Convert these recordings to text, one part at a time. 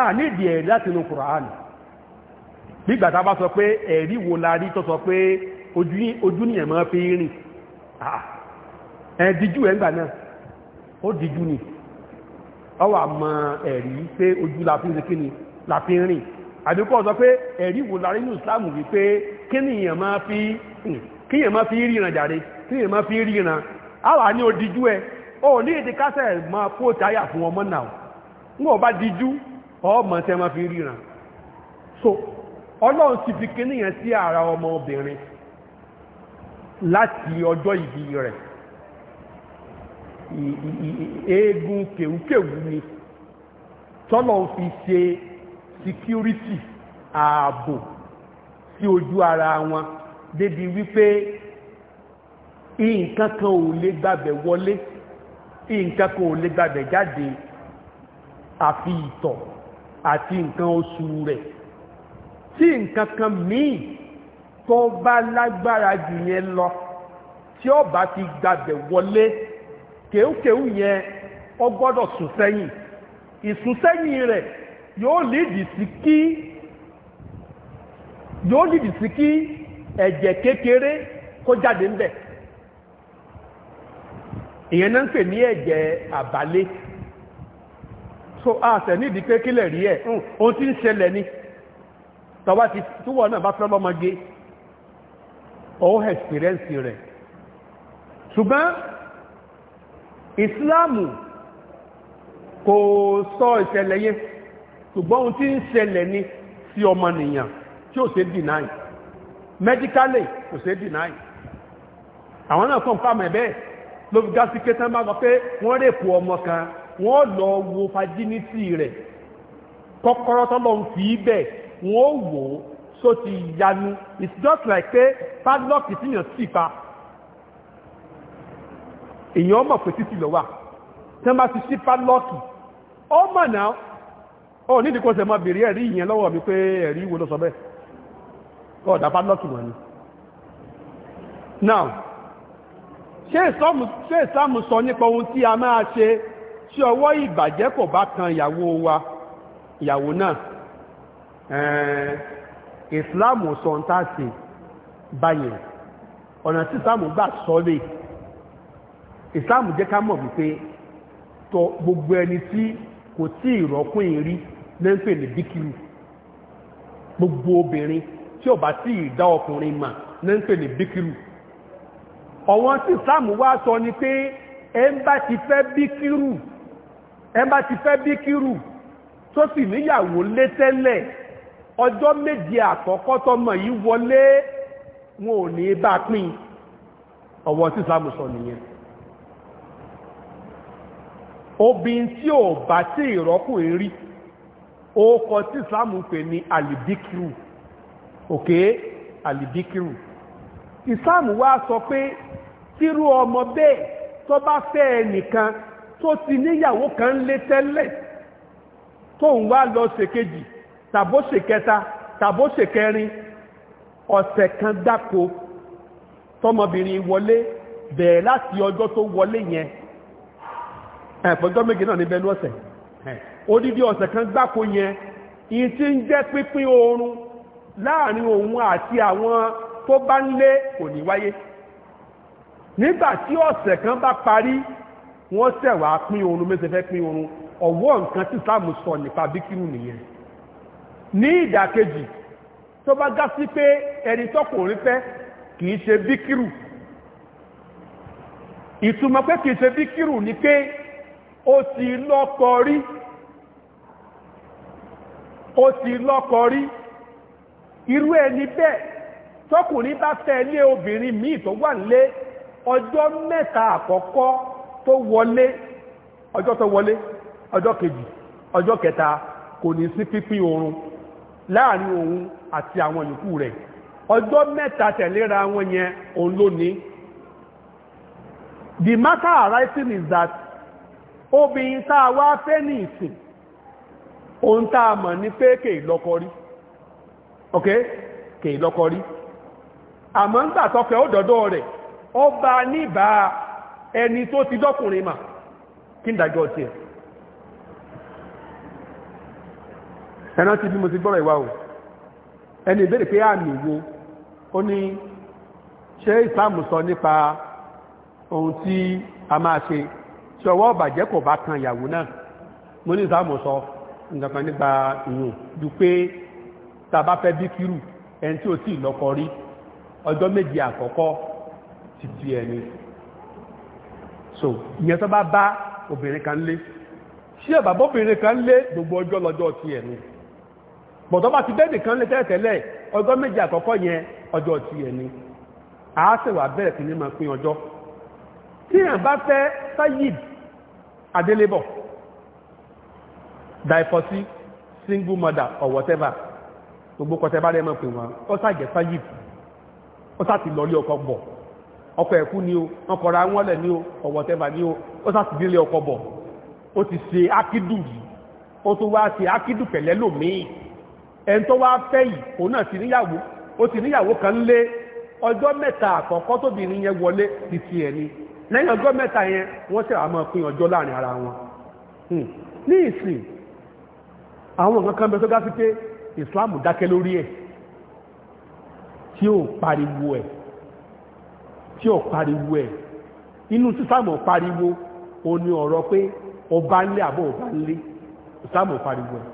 a nídìí ẹ̀rí láti inú kùránì nígbà tá bá sọ pé ẹ̀rí wo la rí tó sọ pé ojú ni ẹ̀mọ́ fi rìn ẹ̀dìjú ẹ̀ náà ó dìjú ni ọ wà mọ ẹ̀rí pé ojú la fi ni la fi rìn àdúkọ́ sọ pé ẹ̀rí wo la rí ní ìsìlámù wípé kí ni ẹ̀mọ́ fi rìn kí yẹn máa fi ríran jàre kí yẹn máa fi ríran àwà ní odijú o ní èdè kásẹ̀ máa kó táyà fún ọmọ náà wọn bá dijú ọmọ tẹ́ ma fi ríran so ọlọ́run ti fi kíníyàn sí ara ọmọ obìnrin láti ọjọ́ ìbí rẹ̀ eégún kèwúkèwú ni tọ́lọ̀ fi ṣe security ààbò sí ojú ara wọn débi wípé nǹkan kan ò lè gbàbẹ̀ wọlé nǹkan kan ò lè gbàbẹ̀ jáde àfi ìtọ̀ àti nǹkan oṣù rẹ̀ tí nǹkan kan míì tó bá lágbára jù yẹn lọ tí ó bá ti gbàbẹ̀ wọlé kéúkéú yẹn ó gbọ́dọ̀ sùn sẹ́yìn ìsúnsẹ́yìn rẹ̀ yóò lídìí kí yóò lìdì sí kí ẹ̀jẹ̀ kékeré kó jáde ńbẹ̀ ìyẹn náà ń pè ní ẹ̀jẹ̀ àbálé so àṣẹ nídi pé kílẹ̀ rí ẹ̀ hmm. ohun tí ń ṣẹlẹ̀ ni tọba ti túwọ̀ náà bá fẹ́ lọ́mọge ọ̀hún experience rẹ̀ ṣùgbọ́n ìsìláàmù kò sọ ìṣẹ̀lẹ̀ yẹn ṣùgbọ́n ohun tí ń ṣẹlẹ̀ ni sí ọmọnìyàn tí ò ṣe deny medically kò ṣe deny àwọn náà kọ́ ń fàmẹ̀ bẹ́ẹ̀ ló fi gá sí kétán bá gọ pé wọ́n rèpù ọmọ kan wọ́n lọ wo fajínítì rẹ̀ kọ́kọ́rọ́ tọ́lọ́ ń fi bẹ̀ wọ́n wò ó só ti yanu it's just like pé padlock ti yàn sí pa èèyàn mọ̀ pé lọ wà tí wọ́n bá ti sí padlock ó mọ̀ náà ó nídìí kó sẹ mọ́ bèrè ẹ̀rí ìyẹn lọ́wọ́ mi pé ẹ̀rí wo ló sọ bẹ́ẹ̀ ọ̀dà now ṣé ìsọ́mù sọ nípa ohun tí a tí ọwọ́ ìbàjẹ́ kò bá kan ìyàwó wa ìyàwó náà ìsìláàmù sọ̀ǹtàṣì báyìí ọ̀nà tí ìsìláàmù gbà sọ́lé ìsìláàmù jẹ́ ká mọ̀ wípé tọ gbogbo ẹni tí kò tí ìrọ́kùn ìrí lẹ́ńpẹ̀ ní bíkìrù gbogbo obìnrin tí ó bá tí ìdá ọkùnrin mà lẹ́ńpẹ̀ ní bíkìrù ọ̀wọ́n tí ìsìláàmù wá sọ ni pé ẹ ń bá ti fẹ́ bíkìrù ẹ bá ti fẹ́ bíkírù tó sì níyàwó lé tẹ́lẹ̀ ọjọ́ méje àkọ́kọ́ tọmọ yìí wọlé wọn ò ní bá pín ọ̀wọ́ tí islam sọ nìyẹn obìnrin tí ò bá tí ìrọ́kùnrin rí orúkọ tí islam pè ní alibikiru òkè alibikiru islam wá sọ pé tírú ọmọ bẹ́ẹ̀ tó fẹ́ ẹnìkan tó ti níyàwó kan lé tẹ́lẹ̀ tó ń wá lọ ṣèkejì tàbó ṣèkẹta tàbó ṣèkẹrin ọ̀sẹ̀ kan gbáko tọmọbìnrin wọlé bẹ̀ẹ̀ láti ọjọ́ tó wọlé yẹn ẹ̀fọ́jọ́ méje náà níbẹ̀ lọ́sẹ̀ odidi ọ̀sẹ̀ kan gbáko yẹn ìyí tí ń jẹ́ pínpín oorun láàrin òun àti àwọn tó bá ń lé kò ní wáyé nígbà tí ọ̀sẹ̀ kan bá parí wọ́n ṣẹ̀ pín oorun mẹ́sẹ̀ fẹ́ pín oorun ọ̀wọ́ nǹkan tí sáàmù sọ nípa bíkírù nìyẹn ní ìdàkejì tó bá gá sí pé ẹni tọkùnrin fẹ́ í ṣe bíkírù ìtumọ̀ pé kì í ṣe bíkírù ni pé ó ti lọ́kọ rí ó ti lọ́kọ rí irú ẹni bẹ́ẹ̀ tọkùnrin bá fẹ́ ilé obìnrin míì tó wà nílé ọjọ́ mẹ́ta àkọ́kọ́ tó wọlé ọjọ́ tó wọlé ọjọ́ kejì ọjọ́ kẹta kò ní sí pípín oorun láàrin òun àti àwọn yòókù rẹ̀ ọjọ́ mẹ́ta tẹ̀léra wọn yẹn òun ló ní the matter arising is that obìnrin tá a wá fẹ́ ní ìsìn ohun tá a mọ̀ ní pé kèè lọ́kọ rí ok àmọ́ ń gbà tọkẹ ó dọ́dọ́ rẹ̀ ó níbàá ẹni tó ti dọ́kùnrin mà kí ń dájọ́ ti ẹ̀ ẹ̀nà ti bí mo ti gbọ́rọ̀ ìwà o ẹni ìbéèrè pé àmì wo ó ní ṣe ìsáàmù sọ nípa ohun tí a máa ṣe ṣe ọwọ́ ọ̀bàjẹ́ kò bá kan ìyàwó náà mo ní ìsáàmù sọ nǹkan nípa ìyùn ju pé tá bá fẹ́ bí kírù ẹni tí ò tí lọ́kọ rí ọjọ́ méje àkọ́kọ́ ti ti ẹni so ìyẹn tó bá bá obìnrin kan lé ṣí ẹ̀bà bóbìnrin kan lé gbogbo ọjọ́ lọ́jọ́ ti ẹ̀ ni bọ̀tọ́ bá ti bẹ́ẹ̀dì kan lé tẹ́lẹ̀tẹ́lẹ̀ ọjọ́ méjì àkọ́kọ́ yẹn ọjọ́ ti ẹ̀ ni a sì wà bẹ́ẹ̀ sí ní máa pín ọjọ́ tí èèyàn bá fẹ́ sayid adélébọ̀ dàìfọ́sí single mother or whatever gbogbo kọtẹ́ bá rẹ̀ máa pè wọ́n ó sàjẹ́ sayid ó sàtìlọ́lé ọkọ̀ bọ̀ ọkọ̀ ẹ̀kú ni o wọn kọ̀ra wọn lẹ̀ ni o ọ̀wọ̀ tẹ́bà ni o ó sàtìdílé ọkọ̀ bọ̀ ó ti ṣe ákídù yìí ó tó wá ṣe ákídù pẹ̀lẹ́ lòmíì ẹn tó wá fẹ́ yìí òun náà ti níyàwó ó ti níyàwó kan lé ọjọ́ mẹ́ta àkọ́kọ́ tóbìnrin yẹn wọlé ti ti ẹ̀ ni lẹ́yìn ọjọ́ mẹ́ta yẹn wọ́n ṣe àmọ́ pín ọjọ́ láàrin ara wọn hmm tí ò pariwo ẹ̀ inú sísàmù pariwo o ní ọ̀rọ̀ pé ọba ń lé àbọ̀ ọba ń lé ìsàmù pariwo ẹ̀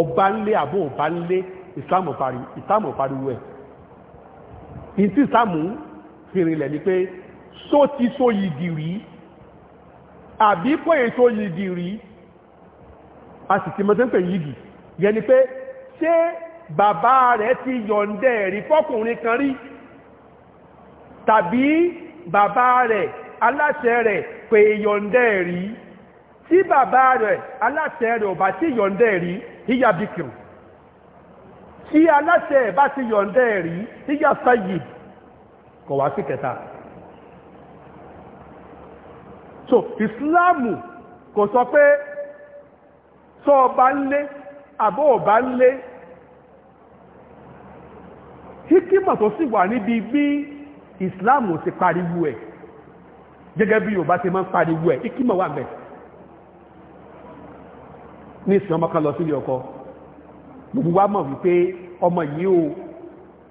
ọba ń lé àbọ̀ ọba ń lé ìsàmù pariwo ẹ̀ ní sísàmù fìrìnlẹ̀ ni pé só ti só yìgì rí àbí pé èso yìgì rí a sì ti mọ́tẹ́ ń pè yìgì yẹni pé ṣé bàbá rẹ̀ ti yọ̀ǹdẹ̀ rí fọ́kùnrin kan rí tàbí bàbá rẹ̀ aláṣẹ rẹ̀ pé yọ̀ǹdẹ́ rí tí bàbá rẹ̀ aláṣẹ rẹ̀ ò bá yọ̀ǹdẹ́ rí híyà bíkìrù tí aláṣẹ bá ti yọ̀ǹdẹ́ rí híyà sáyì kò wá sí kẹta so kò sọ pé sọ islam ò ti pariwo ẹ̀ gẹ́gẹ́ bí Yorùbá ti máa ń pariwo ẹ̀ ikímọ̀ wà bẹ̀ ní ìsìn ọmọ kan lọ sílé ọkọ gbogbo wa mọ̀ wípé ọmọ yìí o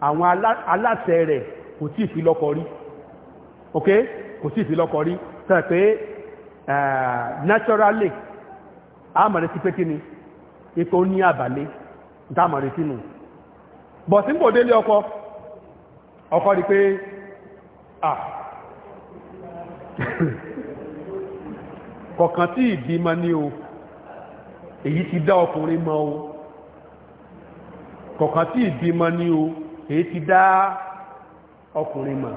àwọn aláṣẹ rẹ̀ kò tí ì lọ́kọ rí ok kò tí ì fi lọ́kọ rí tẹ́ pé naturally a mọ̀ retí pé kí ni ipò ní àbálé dámọ̀ retí nù bọ̀ sí ń ọkọ ọkọ rí pé Ah. kọ̀kan tí ìbímọ ní o èyí ti dá ọkùnrin mọ́ o kọ̀kan tí ìbímọ ní o èyí ti dá ọkùnrin mọ́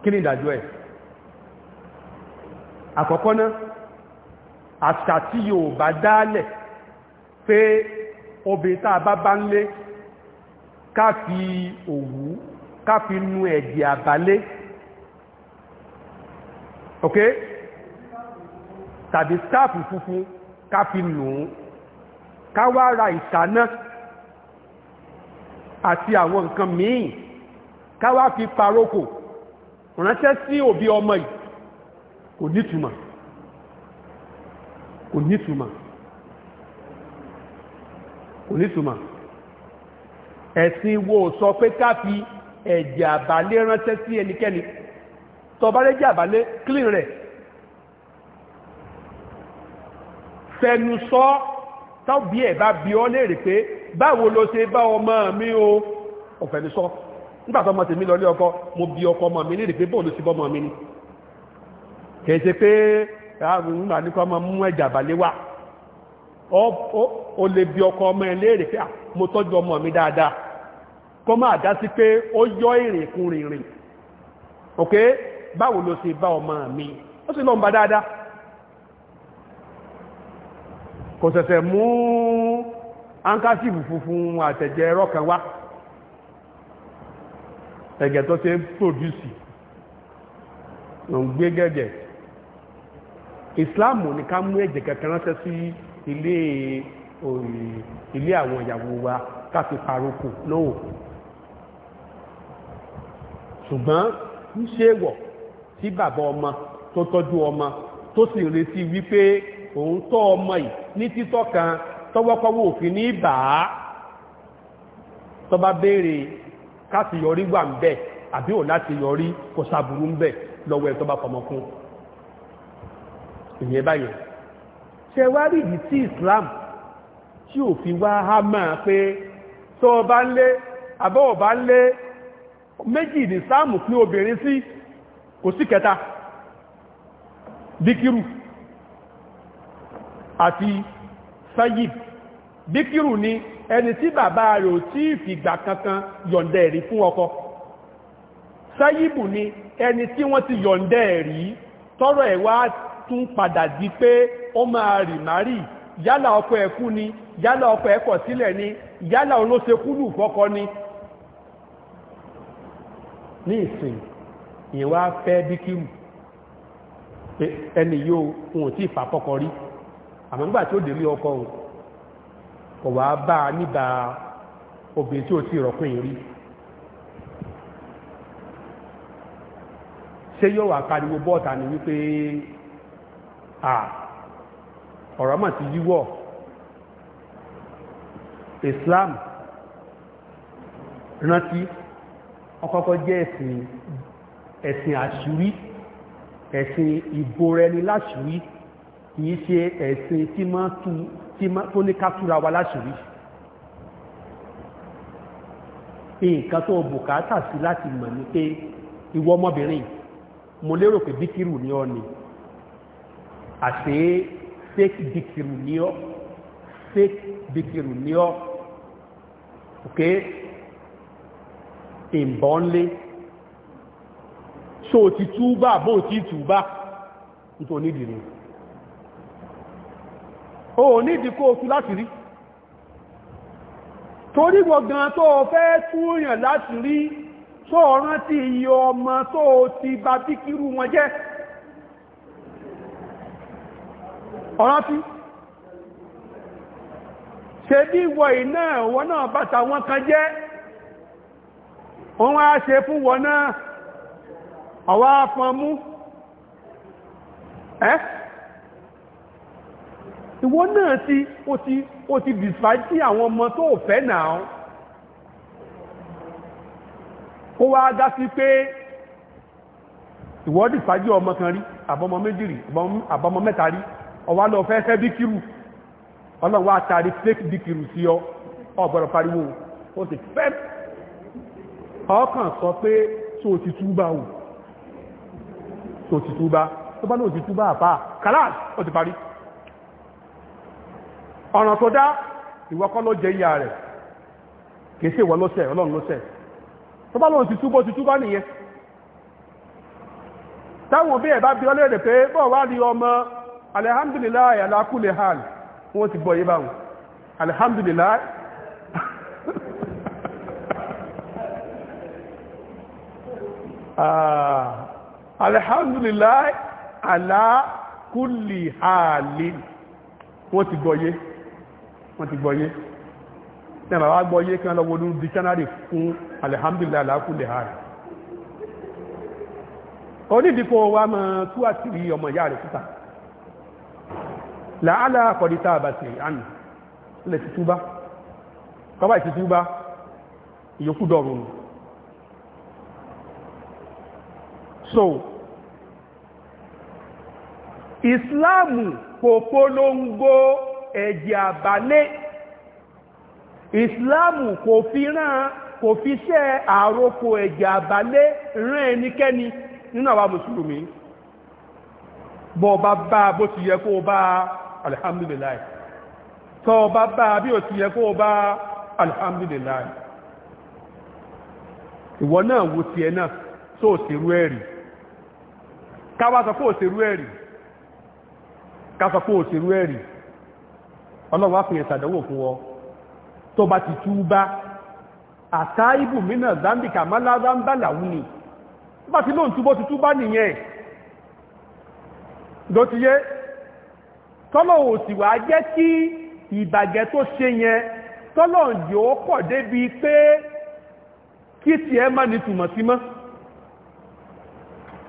kí ni ìdájọ́ ẹ̀ àkọ́kọ́ náà àṣà tí yóò bá dálẹ̀ pé obìnrin tá bá ń lé ká òwú ká fi nu ẹ̀jẹ̀ àbálé ok tàbí skáàfù funfun ká fi nù ún ká wá ra ìṣáná àti àwọn nǹkan míì ká wá fi parókò ránṣẹ́ sí òbí ọmọ yìí kò nítumọ̀ kò nítumọ̀ kò nítumọ̀ ẹ̀sìn wo sọ pé ká fi ẹ̀jẹ̀ àbálé ránṣẹ́ sí ẹnikẹ́ni tó bá rẹ́jẹ̀ àbálé clean rẹ̀ fẹnu sọ tọ́bí ẹ̀ bá bi ọ́ léèrè pé báwo ló ṣe bá ọmọ mi o ọ̀fẹ́nu sọ nígbàtọ́ ọmọ tèmi lọlé ọkọ mo bi ọkọ ọmọ mi léèrè pé bóò ló ṣe bọ́ ọmọ mi ni kìí ṣe pé àwọn ìgbà o lè bi ọkọ ọmọ ẹ léèrè pé mo tọ́jú kó máa dá sí pé ó yọ ìrìnkún rìnrìn ok báwo ló ṣe bá ọmọ mi ó sì lọ ń bá dáadáa kò ṣẹ̀ṣẹ̀ mú áńkásìbù funfun àtẹ̀jẹ̀ ẹ̀rọ kan wá ẹ̀gẹ̀ tó ṣe ń pòdúsì lọ ń gbé gẹ́gẹ̀ ìsìláàmù ní ká mú ẹ̀jẹ̀ kankan ránṣẹ́ sí ilé àwọn ìyàwó wa ká fi paroko lóhùn ṣùgbọ́n ń ṣe wọ̀ tí bàbá ọmọ tó tọ́jú ọmọ tó sì retí wípé òun tọ́ ọmọ yìí ní títọ́ kan tọ́wọ́kọ́wọ́ òfin ní ìbà á tọba béèrè káti yọrí wà ń bẹ̀ àbí ò láti yọrí kò sàbùrú ń bẹ̀ lọ́wọ́ ẹ̀ tọba fọmọkún ìyẹn báyẹn ṣe wá rí tí Islam tí ò fi wá hámà pé tọ́ ọba ń lé àbọ̀ ọba ń lé méjì ní sáàmù pín obìnrin sí kò sí kẹta díkírù àti sayid díkírù ni ẹni tí bàbá rẹ̀ ò tí ìfìgbà kankan yọ̀ǹdẹ̀ rí fún ọkọ sayibù ni ẹni tí wọ́n ti yọ̀ǹdẹ̀ rí tọ́rọ ẹ̀ wá tún padà di pé ó máa rì márì yálà ọkọ ẹ̀ ni yálà ọkọ ẹ̀ sílẹ̀ ni yálà olóṣekúlù fọ́kọ ni ní ìsìn ìwá fẹ́ díkìmù ẹni ohun tí ìfàkọ́kọ́ rí àmọ́ nígbà tí ó ọkọ òun kò wá bá a níbà obìnrin tí ó ti rọ̀pin rí ṣé yóò wà pariwo ni wípé à ọ̀rọ̀ mà ti yíwọ̀ Islam rántí ọkọ̀kọ́ jẹ́ ẹ̀sìn ẹ̀sìn àṣírí ẹ̀sìn ìbòrẹni láṣírí kìí ṣe ẹ̀sìn tó ní kátúra wa láṣírí nǹkan tó bùkátà sí láti mọ̀ ní pé ìwọ ọmọbìnrin mo lérò pé bíkìrù ní ọ ni àṣé fake bíkìrù ní ọ fake bíkìrù ní ọ okay ìbọnlé so ti túbà bó ti túbà nítò nídìí ni o nídìí kó tú láti rí torí gbọ̀gán tó fẹ́ túyàn láti rí tó rántí iye ọmọ tó ti bá bíkírù wọn jẹ́ ọ̀rántí ṣe bí wọ iná ẹ̀wọ́ náà bàtà wọn kan jẹ́ wọ́n wá ṣe fún wọn náà ọwá fọn mú ẹ́ ìwọ náà ti ó ti ó ti dìsfàájí àwọn ọmọ tó fẹ́ náà ó wá dá sí pé ìwọ dìsfàájí ọmọ kan rí àbọ́mọ méjì rí àbọ́mọ mẹ́ta rí ọwá lọ fẹ́ fẹ́ bí kírù ọlọ́wọ́ àtàrí fake bí kírù sí ọ ọgbọ̀rọ̀ pariwo ó ti fẹ́ ọkàn sọ pé tó ti túbá o tó ti túbá tó bá náà ti túbá àpá kàláàs ó ti parí ọ̀nà tó dá ìwọ kọ́ ló jẹ ìyà rẹ̀ kèsè ìwọ lọ́sẹ̀ ọlọ́run lọ́sẹ̀ tó bá náà ti túbọ́ ti túbá nìyẹn táwọn òbí ẹ̀ bá bí ọlẹ́rẹ̀ pé bọ́ wá rí ọmọ alhamdulillah ala kulli hal wọ́n ti bọ̀ yí báwọn alhamdulillah Ah, alhamdulillah ala kulli halin wọ́n ti gbọ́yé wọ́n ti gbọ́yé ní àmà wá gbọ́yé kí wọ́n lọ wọlú dictionary fún alhamdulillah ala kulli halin onídìkọ́ wa mọ̀ tú àtìrí ọmọ ìyá rẹ̀ síta làálà kọ̀dítà àbàtì àmì ilẹ̀ so Islamu kò polongo ẹ̀jẹ̀ àbálé ìsìláàmù kò fi rán kò fi ṣẹ́ àrokò ẹ̀jẹ̀ àbálé rán ẹnikẹ́ni nínú àwa mùsùlùmí bọ́ bá bá bó ti yẹ kó bá alhamdulillah tọ́ bá bá bí ó ti yẹ kó bá alhamdulillah ìwọ náà wo ti ẹ náà tó sì rú ẹ̀rì káwà sọ pé òṣèrú ẹ̀rì kásọ pé òṣèrú ẹ̀rì ọlọ́run wá fìyẹ̀ sàdánwò fún ọ tó bá ti tú bá àtá ibù mìíràn zambika málára ń bá làwú ni bá ti lóòtú bó ti tú bá nìyẹn ló ti yé tọ́lọ̀ òsì jẹ́ kí ìbàjẹ́ tó ṣe yẹn tọ́lọ̀ yóò pọ̀ débi pé kí tiẹ̀ má ní tùmọ̀ sí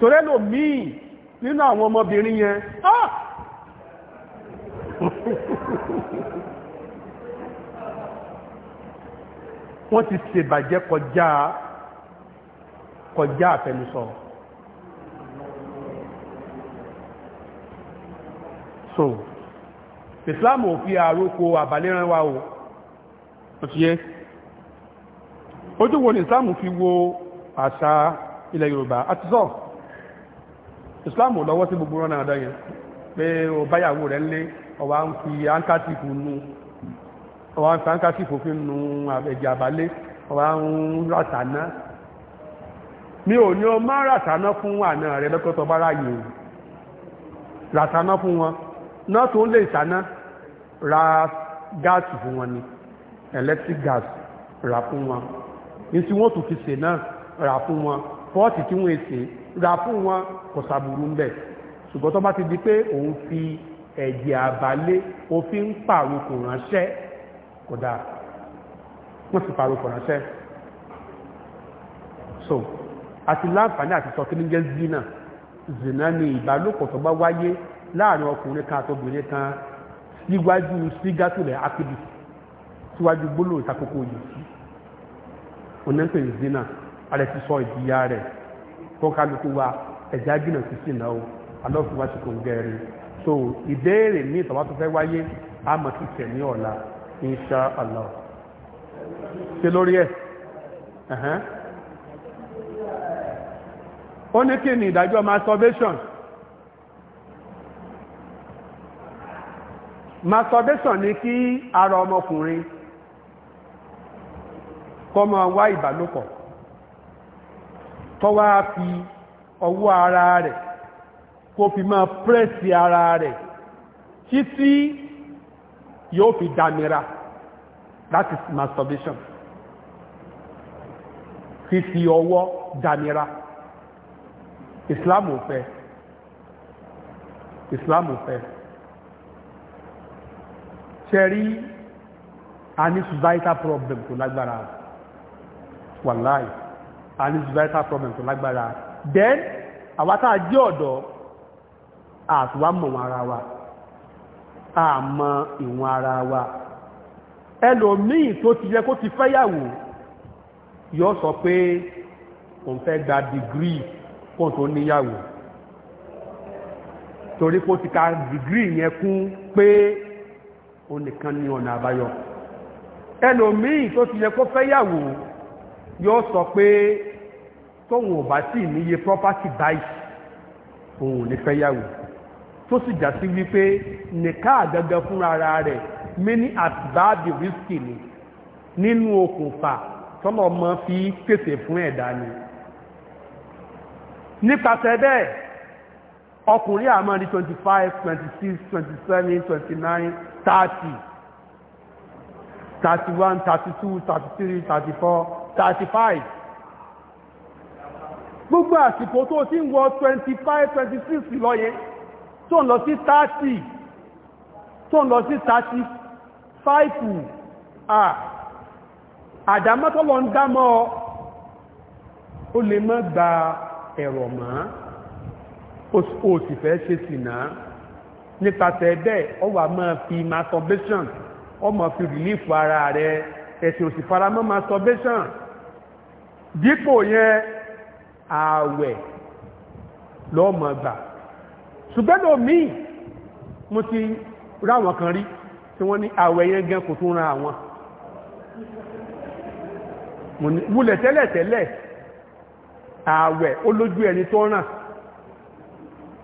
torẹ́ lò míì nínú àwọn ọmọbìnrin yẹn ah! wọ́n ti ṣèbàjẹ́ kọjá kọjá àfẹnusọ so islam ò fi àrókò àbálẹ́rán wa o òtíyẹ́ ojú wo ni islam fi wo àṣà ilẹ̀ yorùbá àti sọ́ọ̀ islam ò lọ́wọ́ sí gbogbo rán náà dáyẹn pé o báyàwó rẹ̀ ńlé ọwá ń fi áńkátìfù nu ọwá ń fi áńkátìfù fi nu ẹ̀jẹ̀ àbálé ọwá ń ràtàná mi ò ní o máa ràtàná fún àna rẹ̀ lọ́kọ́tọ̀ bá ráyè o ràtàná fún wọn náà tó lè tàná ra gáàsì fún wọn ni electric gas rà fún wọn ní tí wọ́n tún fi sè náà rà fún wọn pọ́ọ̀tì tí wọ́n èsè ra fún wọn kò sàbùrú ń bẹ̀ ṣùgbọ́n tó bá ti di pé òun fi ẹ̀jẹ̀ àbálé òfin ń pàrokò ránṣẹ́ kò dáa wọ́n sì pàrokò ránṣẹ́ so àti láǹfààní àti sọ kí zina zina ni ìbálòpọ̀ tó bá wáyé láàrin ọkùnrin kan àtobìnrin kan síwájú sígátùlẹ̀ ákìdì síwájú gbólóhùn ìtakókò yìí sí onípe zina alẹ́ ti sọ ìdíyà rẹ̀ tó kálukú wa ẹ̀já jìnà sí sí o alọ́fù wá sí kò ń gẹ̀rẹ́ so ìbéèrè ní ìtọ́wá tó fẹ́ wáyé a mọ̀ sí tẹ̀ ní ọ̀la insha allah ṣe lórí ẹ̀ ó ní kí ni ìdájọ́ masturbation masturbation ni kí ara ọmọkùnrin kọ́ mọ́ wá ìbálòpọ̀ tọ́wá fi ọwọ́ ara rẹ̀ kó fi máa pírẹ́sì ara rẹ̀ títí yóò fi dámira that is masturbation fífi ọwọ́ dámira ìsìláàmù fẹ́ ìsìláàmù fẹ́ ṣẹ́rí a ní societal problem tó lágbára wàláì and it's vital problem tó lágbára then àwa tá a jẹ́ ọ̀dọ́ àtiwá mọ̀ wọn ara wa a mọ ìwọ̀n ara wa ẹlòmíì tó ti yẹ kó ti fẹ́yàwó yóò sọ pé òun fẹ́ gba dìgírì fóun tó níyàwó torí kó ti ka dìgírì yẹn kún pé òun nìkan ní ọ̀nà àbáyọ ẹlòmíì tó ti yẹ kó fẹ́yàwó yóò sọ pé tóun ò bá sì níye property báyìí òun ò ní fẹ́ yàwó tó sì já sí wípé nìka àgangan fúnra ara rẹ̀ many asbáàbì risky ni nínú okùnfà tọ́lọ̀ ọmọ fi pèsè fún ẹ̀dá ni nípasẹ̀ bẹ́ẹ̀ ọkùnrin àmọ́ ní twenty five twenty six twenty seven twenty nine thirty thirty one thirty two thirty three thirty four thirty five gbogbo àsìkò tó ti ń wọ 25 26 lọ yẹn tó ń lọ sí 30 tó ń lọ sí 30 à àdámọ́tọ́lọ ń dámọ́ ó lè mọ́ gba ẹ̀rọ mọ́ ó sì fẹ́ ṣe sìnà nípasẹ̀ bẹ́ẹ̀ ọ wà máa fi masturbation ọ máa fi relief ara rẹ̀ ẹ̀sìn òsì faramọ́ masturbation dípò yẹn ààwẹ̀ lọ́mọ̀ gbà ṣùgbọ́n lómii mo ti ráwọn kan rí tí wọ́n ní ààwẹ̀ yẹn gan kò tún ra àwọn múlẹ̀ tẹ́lẹ̀tẹ́lẹ̀ ààwẹ̀ ó lójú ẹni ràn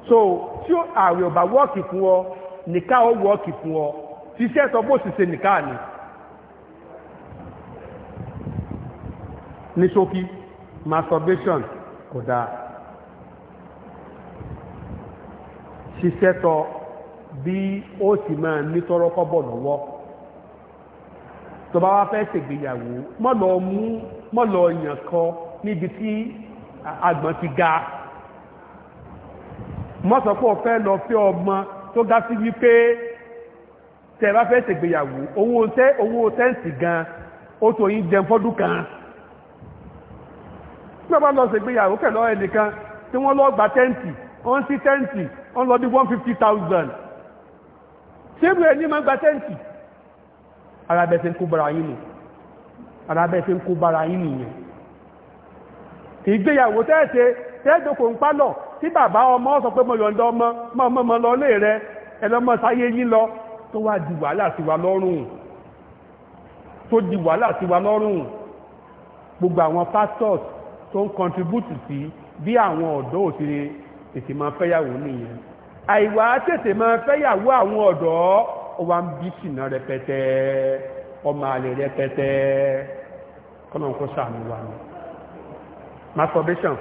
so tí ó ààwẹ̀ ọ̀bà wọ́ọ̀kì fún ọ nìká ó wọ́ọ̀kì fún ọ ṣiṣẹ́ sọ bó sì ṣe ni ní masturbation kò dáa ṣiṣẹ́ tọ bí ó sì máa ní tọ́rọ́kọ́bọ̀ lọ́wọ́ tó bá wá fẹ́ ṣègbéyàwó mọ́lọ mú mọ́lọ yàn kan níbi tí àgbọn ti ga mọ́sọ̀pọ̀ fẹ́ lọ fẹ́ ọmọ tó ga sí wípé tẹ́ bá fẹ́ ṣègbéyàwó owó tẹ́ owó tẹ́ǹsì gan ó tó yín jẹun fọ́dún kan nígbà bá lọ ṣègbéyàwó pẹ̀lú ẹnìkan tí wọ́n lọ gba tẹ́ǹtì wọ́n sí tẹ́ǹtì wọ́n lọ bí one fifty thousand ṣé ìlú ẹni máa gba tẹ́ǹtì ara bẹ́ẹ̀ ṣe ń kó bara yín nù ara bẹ́ẹ̀ ṣe ń kó bara yín nìyẹn ìgbéyàwó tẹ́ẹ̀ṣe tẹ́ẹ̀dọ́kọ̀ ń pálọ̀ tí bàbá ọmọ sọ pé mo yọ̀ǹda ọmọ mọ́ ọmọ lọ lé gbogbo àwọn pastors tó ń contribute sí bí àwọn ọ̀dọ́ òsèré tètè máa fẹ́yàwó nìyẹn àìwá tètè máa fẹ́yàwó àwọn ọ̀dọ́ ó ń bí sìnà rẹpẹtẹ ọmọ àlè rẹpẹtẹ kọ́nà kó sàánú wa masturbation